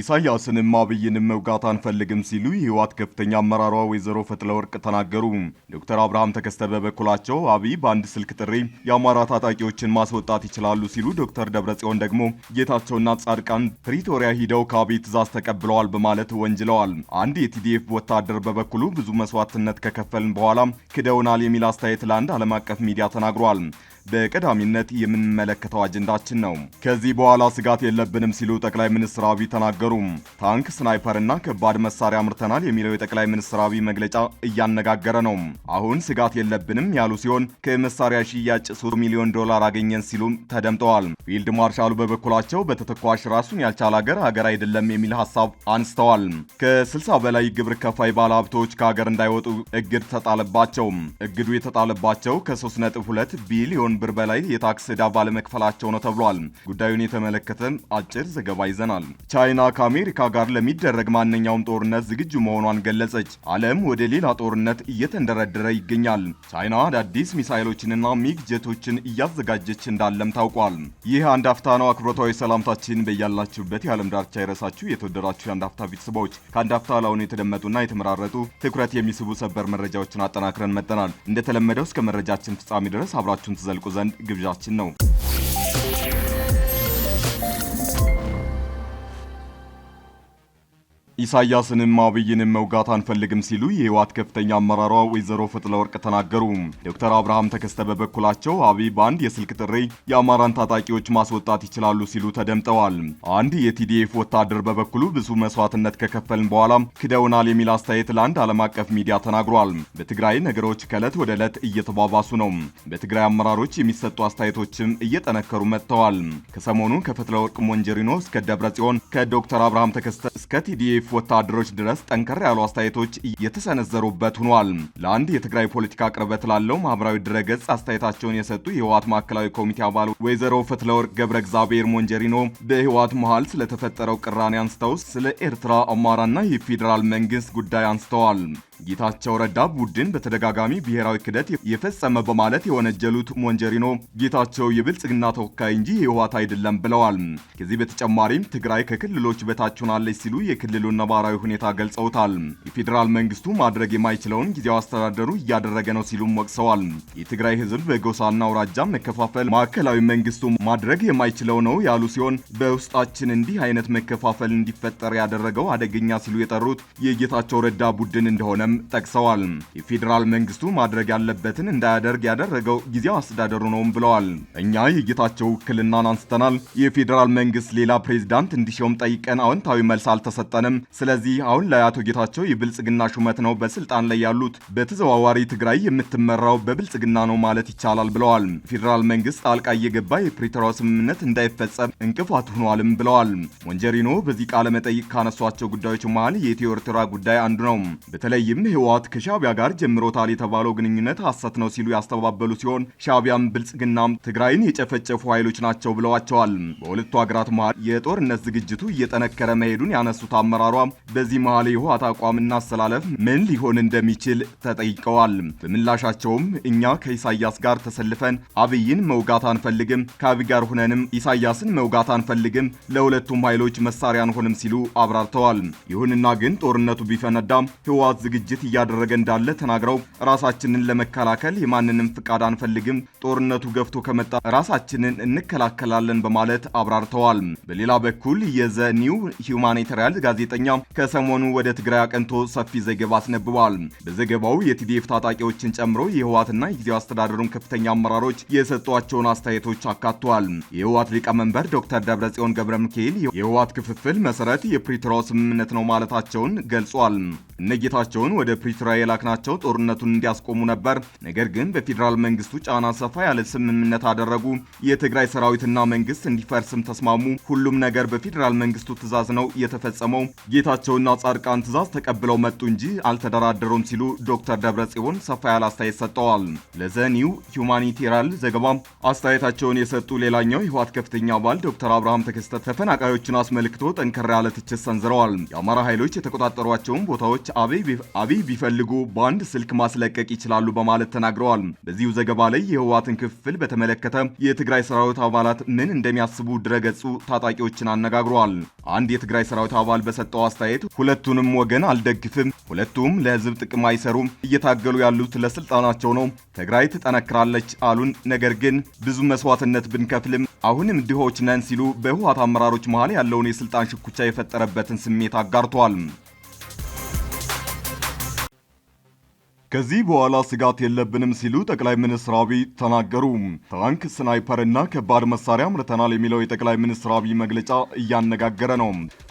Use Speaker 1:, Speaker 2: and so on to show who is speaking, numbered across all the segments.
Speaker 1: ኢሳያስንም አብይንም መውጋት አንፈልግም ሲሉ የህወሓት ከፍተኛ አመራሯ ወይዘሮ ፈትለወርቅ ተናገሩ። ዶክተር አብርሃም ተከስተ በበኩላቸው አብይ በአንድ ስልክ ጥሪ የአማራ ታጣቂዎችን ማስወጣት ይችላሉ ሲሉ፣ ዶክተር ደብረጽዮን ደግሞ ጌታቸውና ጻድቃን ፕሪቶሪያ ሂደው ከአብይ ትዕዛዝ ተቀብለዋል በማለት ወንጅለዋል። አንድ የቲዲኤፍ ወታደር በበኩሉ ብዙ መስዋዕትነት ከከፈልን በኋላ ክደውናል የሚል አስተያየት ለአንድ ዓለም አቀፍ ሚዲያ ተናግሯል። በቀዳሚነት የምንመለከተው አጀንዳችን ነው። ከዚህ በኋላ ስጋት የለብንም ሲሉ ጠቅላይ ሚኒስትር አብይ ተናገሩ። ታንክ፣ ስናይፐር እና ከባድ መሳሪያ አምርተናል የሚለው የጠቅላይ ሚኒስትር አብይ መግለጫ እያነጋገረ ነው። አሁን ስጋት የለብንም ያሉ ሲሆን ከመሳሪያ ሽያጭ 3 ሚሊዮን ዶላር አገኘን ሲሉም ተደምጠዋል። ፊልድ ማርሻሉ በበኩላቸው በተተኳሽ ራሱን ያልቻለ ሀገር ሀገር አይደለም የሚል ሀሳብ አንስተዋል። ከ60 በላይ ግብር ከፋይ ባለሀብቶች ከሀገር እንዳይወጡ እግድ ተጣለባቸው። እግዱ የተጣለባቸው ከ3.2 ቢሊዮን ሚሊዮን ብር በላይ የታክስ ዕዳ ባለመክፈላቸው ነው ተብሏል። ጉዳዩን የተመለከተ አጭር ዘገባ ይዘናል። ቻይና ከአሜሪካ ጋር ለሚደረግ ማንኛውም ጦርነት ዝግጁ መሆኗን ገለጸች። ዓለም ወደ ሌላ ጦርነት እየተንደረደረ ይገኛል። ቻይና አዳዲስ ሚሳይሎችንና ሚግ ጀቶችን እያዘጋጀች እንዳለም ታውቋል። ይህ አንድ አፍታ ነው። አክብሮታዊ ሰላምታችን በያላችሁበት የዓለም ዳርቻ ይረሳችሁ። የተወደዳችሁ የአንድ አፍታ ቤተሰቦች ከአንድ አፍታ ላሁኑ የተደመጡና የተመራረጡ ትኩረት የሚስቡ ሰበር መረጃዎችን አጠናክረን መጠናል። እንደተለመደው እስከ መረጃችን ፍጻሜ ድረስ አብራችሁን ትዘልቁ ዘንድ ግብዣችን ነው። ኢሳያስንም አብይንም መውጋት አንፈልግም ሲሉ የህወሓት ከፍተኛ አመራሯ ወይዘሮ ፈትለ ወርቅ ተናገሩ። ዶክተር አብርሃም ተከስተ በበኩላቸው አብይ በአንድ የስልክ ጥሪ የአማራን ታጣቂዎች ማስወጣት ይችላሉ ሲሉ ተደምጠዋል። አንድ የቲዲኤፍ ወታደር በበኩሉ ብዙ መስዋዕትነት ከከፈልን በኋላ ክደውናል የሚል አስተያየት ለአንድ ዓለም አቀፍ ሚዲያ ተናግሯል። በትግራይ ነገሮች ከዕለት ወደ ዕለት እየተባባሱ ነው። በትግራይ አመራሮች የሚሰጡ አስተያየቶችም እየጠነከሩ መጥተዋል። ከሰሞኑ ከፈትለ ወርቅ ሞንጀሪኖ እስከ ደብረ ጽዮን ከዶክተር አብርሃም ተከስተ እስከ ቲዲኤፍ ወታደሮች ድረስ ጠንከር ያሉ አስተያየቶች የተሰነዘሩበት ሆኗል። ለአንድ የትግራይ ፖለቲካ ቅርበት ላለው ማህበራዊ ድረገጽ አስተያየታቸውን የሰጡ የህወሓት ማዕከላዊ ኮሚቴ አባል ወይዘሮ ፍትለወርቅ ገብረ እግዚአብሔር ሞንጀሪኖ በህወሓት መሃል ስለተፈጠረው ቅራኔ አንስተው ስለ ኤርትራ አማራና የፌዴራል መንግስት ጉዳይ አንስተዋል። ጌታቸው ረዳ ቡድን በተደጋጋሚ ብሔራዊ ክደት የፈጸመ በማለት የወነጀሉት ሞንጀሪኖ ጌታቸው የብልጽግና ተወካይ እንጂ የህወሓት አይደለም ብለዋል። ከዚህ በተጨማሪም ትግራይ ከክልሎች በታች ሆናለች ሲሉ የክልሉን ነባራዊ ሁኔታ ገልጸውታል። የፌዴራል መንግስቱ ማድረግ የማይችለውን ጊዜያዊ አስተዳደሩ እያደረገ ነው ሲሉም ወቅሰዋል። የትግራይ ህዝብ በጎሳና አውራጃ መከፋፈል ማዕከላዊ መንግስቱ ማድረግ የማይችለው ነው ያሉ ሲሆን በውስጣችን እንዲህ አይነት መከፋፈል እንዲፈጠር ያደረገው አደገኛ ሲሉ የጠሩት የጌታቸው ረዳ ቡድን እንደሆነ እንደሆነም ጠቅሰዋል። የፌዴራል መንግስቱ ማድረግ ያለበትን እንዳያደርግ ያደረገው ጊዜያዊ አስተዳደሩ ነውም ብለዋል። እኛ የጌታቸው ውክልናን አንስተናል። የፌዴራል መንግስት ሌላ ፕሬዚዳንት እንዲሾም ጠይቀን አዎንታዊ መልስ አልተሰጠንም። ስለዚህ አሁን ላይ አቶ ጌታቸው የብልጽግና ሹመት ነው በስልጣን ላይ ያሉት። በተዘዋዋሪ ትግራይ የምትመራው በብልጽግና ነው ማለት ይቻላል ብለዋል። ፌዴራል መንግስት ጣልቃ እየገባ የፕሪቶሪያ ስምምነት እንዳይፈጸም እንቅፋት ሆኗልም ብለዋል። ወንጀሪኖ በዚህ ቃለ መጠይቅ ካነሷቸው ጉዳዮች መሃል የኢትዮ ኤርትራ ጉዳይ አንዱ ነው። በተለይ በተለይም ህወሓት ከሻቢያ ጋር ጀምሮታል የተባለው ግንኙነት ሐሰት ነው ሲሉ ያስተባበሉ ሲሆን ሻቢያም ብልጽግናም ትግራይን የጨፈጨፉ ኃይሎች ናቸው ብለዋቸዋል። በሁለቱ ሀገራት መሀል የጦርነት ዝግጅቱ እየጠነከረ መሄዱን ያነሱት አመራሯ በዚህ መሀል የህወሓት አቋም አሰላለፍ ምን ሊሆን እንደሚችል ተጠይቀዋል። በምላሻቸውም እኛ ከኢሳያስ ጋር ተሰልፈን አብይን መውጋት አንፈልግም፣ ከአብይ ጋር ሁነንም ኢሳያስን መውጋት አንፈልግም፣ ለሁለቱም ኃይሎች መሳሪያ አንሆንም ሲሉ አብራርተዋል። ይሁንና ግን ጦርነቱ ቢፈነዳም ህወሓት ዝግጅ ዝግጅት እያደረገ እንዳለ ተናግረው ራሳችንን ለመከላከል የማንንም ፍቃድ አንፈልግም፣ ጦርነቱ ገፍቶ ከመጣ ራሳችንን እንከላከላለን በማለት አብራርተዋል። በሌላ በኩል የዘ ኒው ሂውማኒታሪያን ጋዜጠኛ ከሰሞኑ ወደ ትግራይ አቀንቶ ሰፊ ዘገባ አስነብቧል። በዘገባው የቲዲኤፍ ታጣቂዎችን ጨምሮ የህወሓትና የጊዜው አስተዳደሩን ከፍተኛ አመራሮች የሰጧቸውን አስተያየቶች አካቷል። የህወሓት ሊቀመንበር ዶክተር ደብረጽዮን ገብረ ሚካኤል የህወሓት ክፍፍል መሰረት የፕሪቶሪያው ስምምነት ነው ማለታቸውን ገልጿል። እነጌታቸውን ወደ ፕሪቶሪያ የላክናቸው ጦርነቱን እንዲያስቆሙ ነበር። ነገር ግን በፌዴራል መንግስቱ ጫና ሰፋ ያለ ስምምነት አደረጉ። የትግራይ ሰራዊትና መንግስት እንዲፈርስም ተስማሙ። ሁሉም ነገር በፌዴራል መንግስቱ ትዛዝ ነው የተፈጸመው። ጌታቸውና ጻድቃን ትዛዝ ተቀብለው መጡ እንጂ አልተደራደሩም ሲሉ ዶክተር ደብረ ጽዮን ሰፋ ያለ አስተያየት ሰጥተዋል። ለዘኒው ሁማኒቴራል ዘገባ አስተያየታቸውን የሰጡ ሌላኛው ህዋት ከፍተኛ አባል ዶክተር አብርሃም ተከስተ ተፈናቃዮችን አስመልክቶ ጠንከር ያለ ትችት ሰንዝረዋል። የአማራ ኃይሎች የተቆጣጠሯቸውን ቦታዎች ኃይሎች አብይ ቢፈልጉ በአንድ ስልክ ማስለቀቅ ይችላሉ በማለት ተናግረዋል። በዚሁ ዘገባ ላይ የህወሓትን ክፍል በተመለከተ የትግራይ ሰራዊት አባላት ምን እንደሚያስቡ ድረገጹ ታጣቂዎችን አነጋግረዋል። አንድ የትግራይ ሰራዊት አባል በሰጠው አስተያየት ሁለቱንም ወገን አልደግፍም፣ ሁለቱም ለህዝብ ጥቅም አይሰሩም፣ እየታገሉ ያሉት ለስልጣናቸው ነው። ትግራይ ትጠነክራለች አሉን፣ ነገር ግን ብዙ መስዋዕትነት ብንከፍልም አሁንም ድሆች ነን ሲሉ በህወሓት አመራሮች መሃል ያለውን የስልጣን ሽኩቻ የፈጠረበትን ስሜት አጋርተዋል። ከዚህ በኋላ ስጋት የለብንም ሲሉ ጠቅላይ ሚኒስትር አብይ ተናገሩ። ታንክ፣ ስናይፐር እና ከባድ መሳሪያ አምርተናል የሚለው የጠቅላይ ሚኒስትር አብይ መግለጫ እያነጋገረ ነው።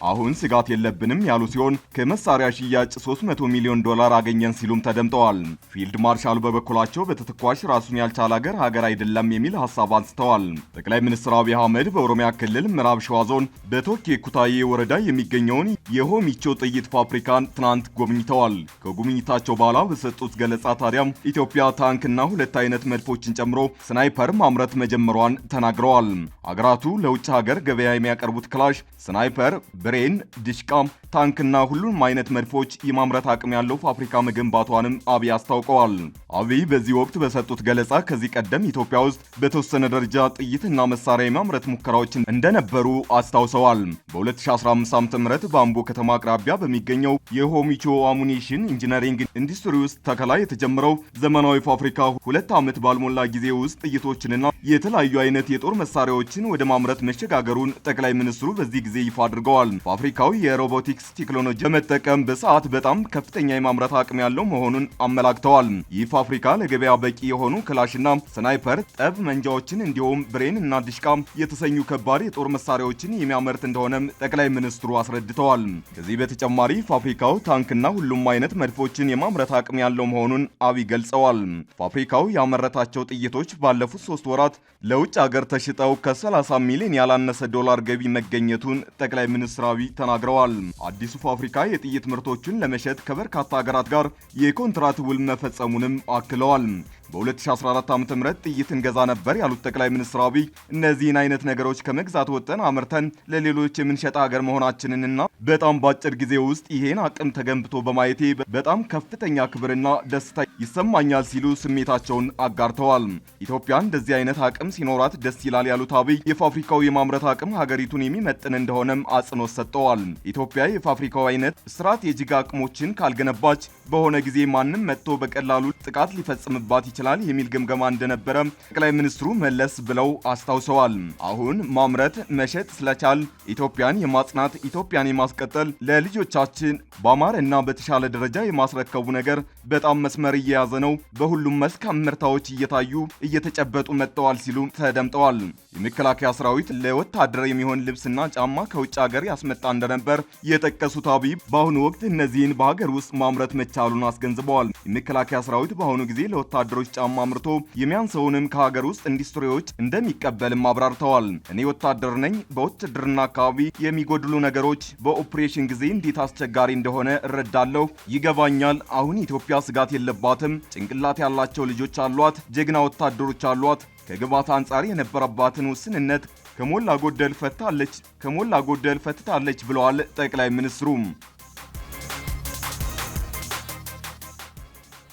Speaker 1: አሁን ስጋት የለብንም ያሉ ሲሆን ከመሳሪያ ሽያጭ 300 ሚሊዮን ዶላር አገኘን ሲሉም ተደምጠዋል። ፊልድ ማርሻሉ በበኩላቸው በተተኳሽ ራሱን ያልቻለ ሀገር ሀገር አይደለም የሚል ሀሳብ አንስተዋል። ጠቅላይ ሚኒስትር አብይ አህመድ በኦሮሚያ ክልል ምዕራብ ሸዋ ዞን በቶኬ ኩታዬ ወረዳ የሚገኘውን የሆሚቾ ጥይት ፋብሪካን ትናንት ጎብኝተዋል። ከጉብኝታቸው በኋላ በሰጡት በሰጡት ገለጻ ታዲያም ኢትዮጵያ ታንክና ሁለት አይነት መድፎችን ጨምሮ ስናይፐር ማምረት መጀመሯን ተናግረዋል። አገራቱ ለውጭ ሀገር ገበያ የሚያቀርቡት ክላሽ፣ ስናይፐር፣ ብሬን፣ ዲሽቃም ታንክና ሁሉንም አይነት መድፎች የማምረት አቅም ያለው ፋብሪካ መገንባቷንም አብይ አስታውቀዋል። አብይ በዚህ ወቅት በሰጡት ገለጻ ከዚህ ቀደም ኢትዮጵያ ውስጥ በተወሰነ ደረጃ ጥይትና መሳሪያ የማምረት ሙከራዎች እንደነበሩ አስታውሰዋል። በ2015 ዓ.ም በአምቦ ከተማ አቅራቢያ በሚገኘው የሆሚቾ አሙኒሽን ኢንጂነሪንግ ኢንዱስትሪ ውስጥ ተከላ የተጀመረው ዘመናዊ ፋብሪካ ሁለት ዓመት ባልሞላ ጊዜ ውስጥ ጥይቶችንና የተለያዩ አይነት የጦር መሳሪያዎችን ወደ ማምረት መሸጋገሩን ጠቅላይ ሚኒስትሩ በዚህ ጊዜ ይፋ አድርገዋል። ፋብሪካው የሮቦቲክስ ፊኒክስ ቴክኖሎጂ በመጠቀም በሰዓት በጣም ከፍተኛ የማምረት አቅም ያለው መሆኑን አመላክተዋል። ይህ ፋብሪካ ለገበያ በቂ የሆኑ ክላሽና ስናይፐር ጠብ መንጃዎችን እንዲሁም ብሬን እና ዲሽቃ የተሰኙ ከባድ የጦር መሳሪያዎችን የሚያመርት እንደሆነም ጠቅላይ ሚኒስትሩ አስረድተዋል። ከዚህ በተጨማሪ ፋብሪካው ታንክና ሁሉም አይነት መድፎችን የማምረት አቅም ያለው መሆኑን አብይ ገልጸዋል። ፋብሪካው ያመረታቸው ጥይቶች ባለፉት ሶስት ወራት ለውጭ አገር ተሽጠው ከ30 ሚሊዮን ያላነሰ ዶላር ገቢ መገኘቱን ጠቅላይ ሚኒስትር አብይ ተናግረዋል። አዲሱ ፋብሪካ የጥይት ምርቶችን ለመሸጥ ከበርካታ ሀገራት ጋር የኮንትራት ውል መፈጸሙንም አክለዋል። በ2014 ዓ ም ጥይት እንገዛ ነበር ያሉት ጠቅላይ ሚኒስትር አብይ እነዚህን አይነት ነገሮች ከመግዛት ወጠን አምርተን ለሌሎች የምንሸጥ ሀገር መሆናችንንና በጣም በአጭር ጊዜ ውስጥ ይሄን አቅም ተገንብቶ በማየቴ በጣም ከፍተኛ ክብርና ደስታ ይሰማኛል ሲሉ ስሜታቸውን አጋርተዋል። ኢትዮጵያ እንደዚህ አይነት አቅም ሲኖራት ደስ ይላል ያሉት አብይ የፋብሪካው የማምረት አቅም ሀገሪቱን የሚመጥን እንደሆነም አጽንኦት ሰጥተዋል። ኢትዮጵያ የፋብሪካው አይነት ስትራቴጂክ አቅሞችን ካልገነባች በሆነ ጊዜ ማንም መጥቶ በቀላሉ ጥቃት ሊፈጽምባት ይችላል ይችላል የሚል ግምገማ እንደነበረ ጠቅላይ ሚኒስትሩ መለስ ብለው አስታውሰዋል። አሁን ማምረት መሸጥ ስለቻል ኢትዮጵያን የማጽናት ኢትዮጵያን የማስቀጠል ለልጆቻችን በአማረ እና በተሻለ ደረጃ የማስረከቡ ነገር በጣም መስመር እየያዘ ነው። በሁሉም መስካም ምርታዎች እየታዩ እየተጨበጡ መጥተዋል ሲሉ ተደምጠዋል። የመከላከያ ሰራዊት ለወታደር የሚሆን ልብስና ጫማ ከውጭ ሀገር ያስመጣ እንደነበር የጠቀሱት አብይ በአሁኑ ወቅት እነዚህን በሀገር ውስጥ ማምረት መቻሉን አስገንዝበዋል። የመከላከያ ሰራዊት በአሁኑ ጊዜ ለወታደሮች ጫማ አምርቶ የሚያንሰውንም ከሀገር ውስጥ ኢንዱስትሪዎች እንደሚቀበልም አብራርተዋል። እኔ ወታደር ነኝ። በውትድርና አካባቢ የሚጎድሉ ነገሮች በኦፕሬሽን ጊዜ እንዴት አስቸጋሪ እንደሆነ እረዳለሁ፣ ይገባኛል። አሁን ኢትዮጵያ ስጋት የለባትም። ጭንቅላት ያላቸው ልጆች አሏት፣ ጀግና ወታደሮች አሏት። ከግባት አንጻር የነበረባትን ውስንነት ከሞላ ጎደል ፈትታለች ከሞላ ጎደል ፈትታለች ብለዋል ጠቅላይ ሚኒስትሩ።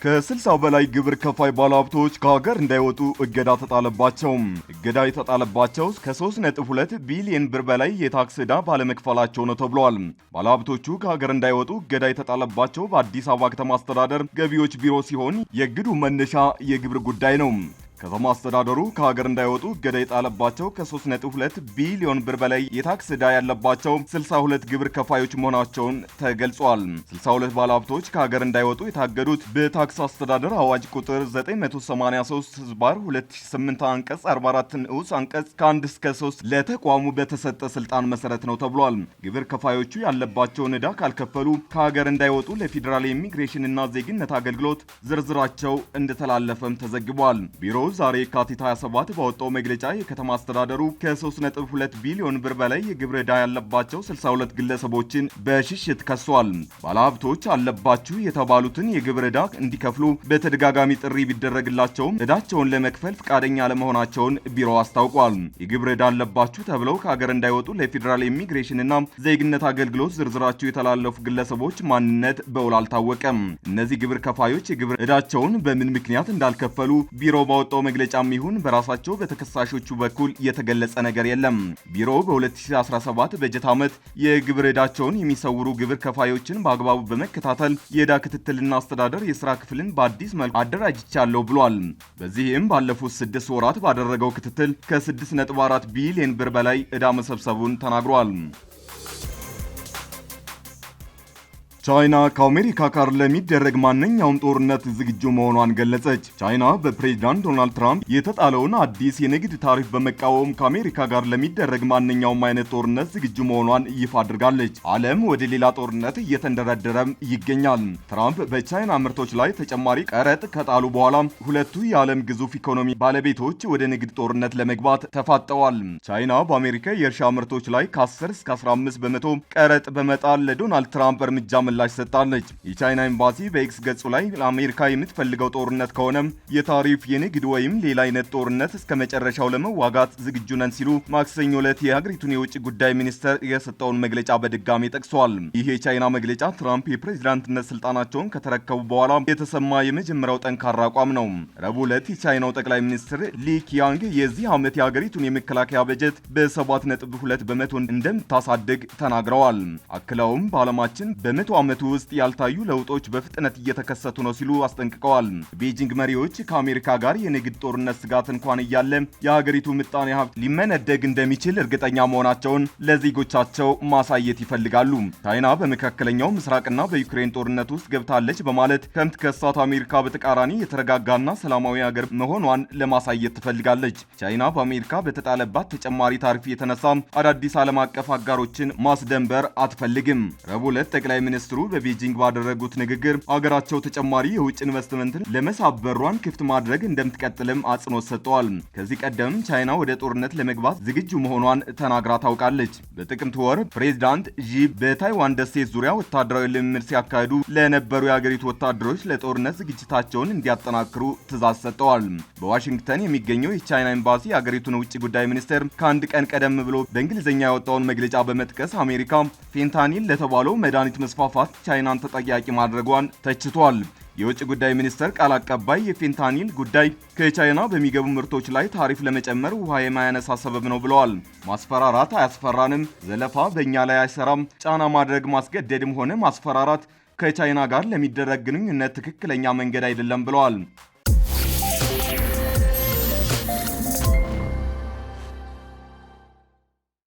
Speaker 1: ከ60 በላይ ግብር ከፋይ ባለሀብቶች ከሀገር እንዳይወጡ እገዳ ተጣለባቸው። እገዳ የተጣለባቸው ከ3.2 ቢሊዮን ብር በላይ የታክስ ዕዳ ባለመክፈላቸው ነው ተብሏል። ባለሀብቶቹ ከሀገር እንዳይወጡ እገዳ የተጣለባቸው በአዲስ አበባ ከተማ አስተዳደር ገቢዎች ቢሮ ሲሆን የእግዱ መነሻ የግብር ጉዳይ ነው። ከተማ አስተዳደሩ ከሀገር እንዳይወጡ እገዳ የጣለባቸው ከ3.2 ቢሊዮን ብር በላይ የታክስ ዕዳ ያለባቸው 62 ግብር ከፋዮች መሆናቸውን ተገልጿል። 62 ባለሀብቶች ከሀገር እንዳይወጡ የታገዱት በታክስ አስተዳደር አዋጅ ቁጥር 983 ህዝባር 2008 አንቀጽ 44 ንዑስ አንቀጽ ከ1 እስከ 3 ለተቋሙ በተሰጠ ስልጣን መሰረት ነው ተብሏል። ግብር ከፋዮቹ ያለባቸውን ዕዳ ካልከፈሉ ከሀገር እንዳይወጡ ለፌዴራል እና ዜግነት አገልግሎት ዝርዝራቸው እንደተላለፈም ተዘግቧል። ቢሮው ዛሬ የካቲት 27 ባወጣው መግለጫ የከተማ አስተዳደሩ ከ3.2 ቢሊዮን ብር በላይ የግብር ዕዳ ያለባቸው 62 ግለሰቦችን በሽሽት ከሷል። ባለሀብቶች አለባችሁ የተባሉትን የግብር ዕዳ እንዲከፍሉ በተደጋጋሚ ጥሪ ቢደረግላቸውም ዕዳቸውን ለመክፈል ፈቃደኛ ለመሆናቸውን ቢሮ አስታውቋል። የግብር ዕዳ አለባችሁ ተብለው ከሀገር እንዳይወጡ ለፌዴራል ኢሚግሬሽንና ዜግነት አገልግሎት ዝርዝራቸው የተላለፉ ግለሰቦች ማንነት በውል አልታወቀም። እነዚህ ግብር ከፋዮች የግብር ዕዳቸውን በምን ምክንያት እንዳልከፈሉ ቢሮ ባወጣው በወጣው መግለጫም ይሁን በራሳቸው በተከሳሾቹ በኩል የተገለጸ ነገር የለም። ቢሮው በ2017 በጀት ዓመት የግብር ዕዳቸውን የሚሰውሩ ግብር ከፋዮችን በአግባቡ በመከታተል የዕዳ ክትትልና አስተዳደር የሥራ ክፍልን በአዲስ መልኩ አደራጅቻለሁ ብሏል። በዚህም ባለፉት ስድስት ወራት ባደረገው ክትትል ከ6.4 ቢሊዮን ብር በላይ ዕዳ መሰብሰቡን ተናግሯል። ቻይና ከአሜሪካ ጋር ለሚደረግ ማንኛውም ጦርነት ዝግጁ መሆኗን ገለጸች። ቻይና በፕሬዚዳንት ዶናልድ ትራምፕ የተጣለውን አዲስ የንግድ ታሪፍ በመቃወም ከአሜሪካ ጋር ለሚደረግ ማንኛውም አይነት ጦርነት ዝግጁ መሆኗን ይፋ አድርጋለች። ዓለም ወደ ሌላ ጦርነት እየተንደረደረም ይገኛል። ትራምፕ በቻይና ምርቶች ላይ ተጨማሪ ቀረጥ ከጣሉ በኋላ ሁለቱ የዓለም ግዙፍ ኢኮኖሚ ባለቤቶች ወደ ንግድ ጦርነት ለመግባት ተፋጠዋል። ቻይና በአሜሪካ የእርሻ ምርቶች ላይ ከ10 እስከ 15 በመቶ ቀረጥ በመጣል ለዶናልድ ትራምፕ እርምጃ መላ ምላሽ ሰጥታለች። የቻይና ኤምባሲ በኤክስ ገጹ ላይ ለአሜሪካ የምትፈልገው ጦርነት ከሆነም የታሪፍ የንግድ ወይም ሌላ አይነት ጦርነት እስከ መጨረሻው ለመዋጋት ዝግጁ ነን ሲሉ ማክሰኞ ዕለት የሀገሪቱን የውጭ ጉዳይ ሚኒስተር የሰጠውን መግለጫ በድጋሚ ጠቅሰዋል። ይህ የቻይና መግለጫ ትራምፕ የፕሬዚዳንትነት ስልጣናቸውን ከተረከቡ በኋላ የተሰማ የመጀመሪያው ጠንካራ አቋም ነው። ረቡዕ ዕለት የቻይናው ጠቅላይ ሚኒስትር ሊ ኪያንግ የዚህ ዓመት የሀገሪቱን የመከላከያ በጀት በ7.2 በመቶ እንደምታሳድግ ተናግረዋል። አክለውም በዓለማችን በመቶ ዓመት ውስጥ ያልታዩ ለውጦች በፍጥነት እየተከሰቱ ነው ሲሉ አስጠንቅቀዋል። ቤጂንግ መሪዎች ከአሜሪካ ጋር የንግድ ጦርነት ስጋት እንኳን እያለ የሀገሪቱ ምጣኔ ሀብት ሊመነደግ እንደሚችል እርግጠኛ መሆናቸውን ለዜጎቻቸው ማሳየት ይፈልጋሉ። ቻይና በመካከለኛው ምስራቅና በዩክሬን ጦርነት ውስጥ ገብታለች በማለት ከምትከሳት አሜሪካ በተቃራኒ የተረጋጋና ሰላማዊ ሀገር መሆኗን ለማሳየት ትፈልጋለች። ቻይና በአሜሪካ በተጣለባት ተጨማሪ ታሪፍ የተነሳ አዳዲስ ዓለም አቀፍ አጋሮችን ማስደንበር አትፈልግም። ረቡዕ ዕለት ጠቅላይ ሚኒስትር ሚኒስትሩ በቤጂንግ ባደረጉት ንግግር አገራቸው ተጨማሪ የውጭ ኢንቨስትመንትን ለመሳብ በሯን ክፍት ማድረግ እንደምትቀጥልም አጽንኦት ሰጥተዋል። ከዚህ ቀደም ቻይና ወደ ጦርነት ለመግባት ዝግጁ መሆኗን ተናግራ ታውቃለች። በጥቅምት ወር ፕሬዚዳንት ዢ በታይዋን ደሴት ዙሪያ ወታደራዊ ልምምድ ሲያካሂዱ ለነበሩ የአገሪቱ ወታደሮች ለጦርነት ዝግጅታቸውን እንዲያጠናክሩ ትእዛዝ ሰጥተዋል። በዋሽንግተን የሚገኘው የቻይና ኤምባሲ የአገሪቱን ውጭ ጉዳይ ሚኒስቴር ከአንድ ቀን ቀደም ብሎ በእንግሊዝኛ ያወጣውን መግለጫ በመጥቀስ አሜሪካ ፌንታኒል ለተባለው መድኃኒት መስፋፋ ማጥፋት ቻይናን ተጠያቂ ማድረጓን ተችቷል። የውጭ ጉዳይ ሚኒስቴር ቃል አቀባይ የፌንታኒል ጉዳይ ከቻይና በሚገቡ ምርቶች ላይ ታሪፍ ለመጨመር ውሃ የማያነሳ ሰበብ ነው ብለዋል። ማስፈራራት አያስፈራንም፣ ዘለፋ በእኛ ላይ አይሰራም። ጫና ማድረግ ማስገደድም ሆነ ማስፈራራት ከቻይና ጋር ለሚደረግ ግንኙነት ትክክለኛ መንገድ አይደለም ብለዋል።